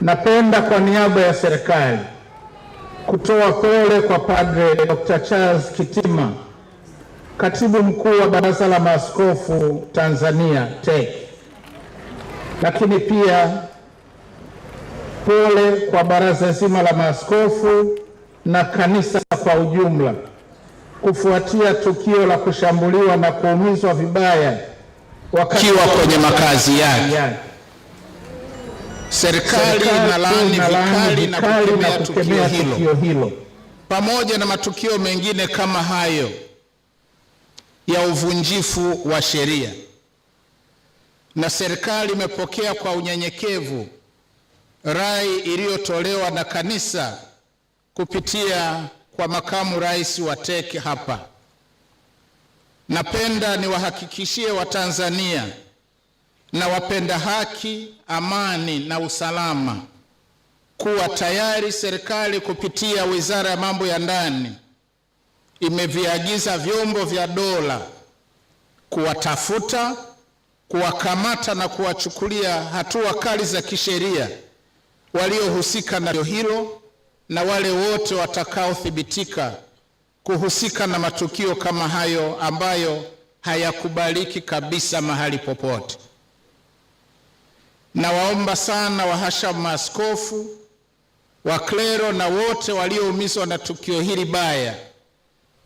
Napenda kwa niaba ya serikali kutoa pole kwa Padre Dr. Charles Kitima, katibu mkuu wa Baraza la Maaskofu Tanzania TEC, lakini pia pole kwa baraza zima la maaskofu na kanisa kwa ujumla kufuatia tukio la kushambuliwa na kuumizwa vibaya wakiwa kwenye makazi yake. Serikali inalaani vikali na kukemea tukio hilo hilo pamoja na matukio mengine kama hayo ya uvunjifu wa sheria, na serikali imepokea kwa unyenyekevu rai iliyotolewa na kanisa kupitia kwa makamu rais wa TEC hapa. Napenda niwahakikishie Watanzania na wapenda haki, amani na usalama kuwa tayari serikali kupitia Wizara ya Mambo ya Ndani imeviagiza vyombo vya dola kuwatafuta, kuwakamata na kuwachukulia hatua kali za kisheria waliohusika na hilo na wale wote watakaothibitika kuhusika na matukio kama hayo ambayo hayakubaliki kabisa mahali popote. Nawaomba sana wahashamu maaskofu, waklero na wote walioumizwa na tukio hili baya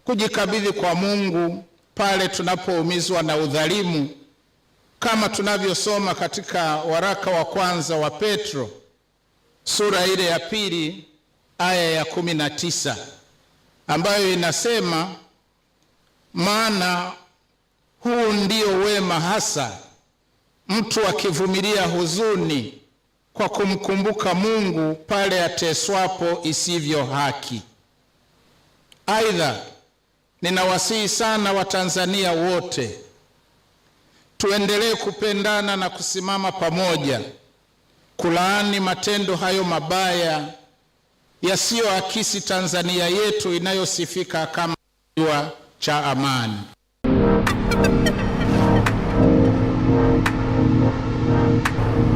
kujikabidhi kwa Mungu pale tunapoumizwa na udhalimu, kama tunavyosoma katika waraka wa kwanza wa Petro sura ile ya pili aya ya kumi na tisa ambayo inasema, maana huu ndio wema hasa mtu akivumilia huzuni kwa kumkumbuka Mungu pale ateswapo isivyo haki. Aidha, ninawasihi sana Watanzania wote tuendelee kupendana na kusimama pamoja kulaani matendo hayo mabaya yasiyoakisi Tanzania yetu inayosifika kama kisiwa cha amani. Thank you.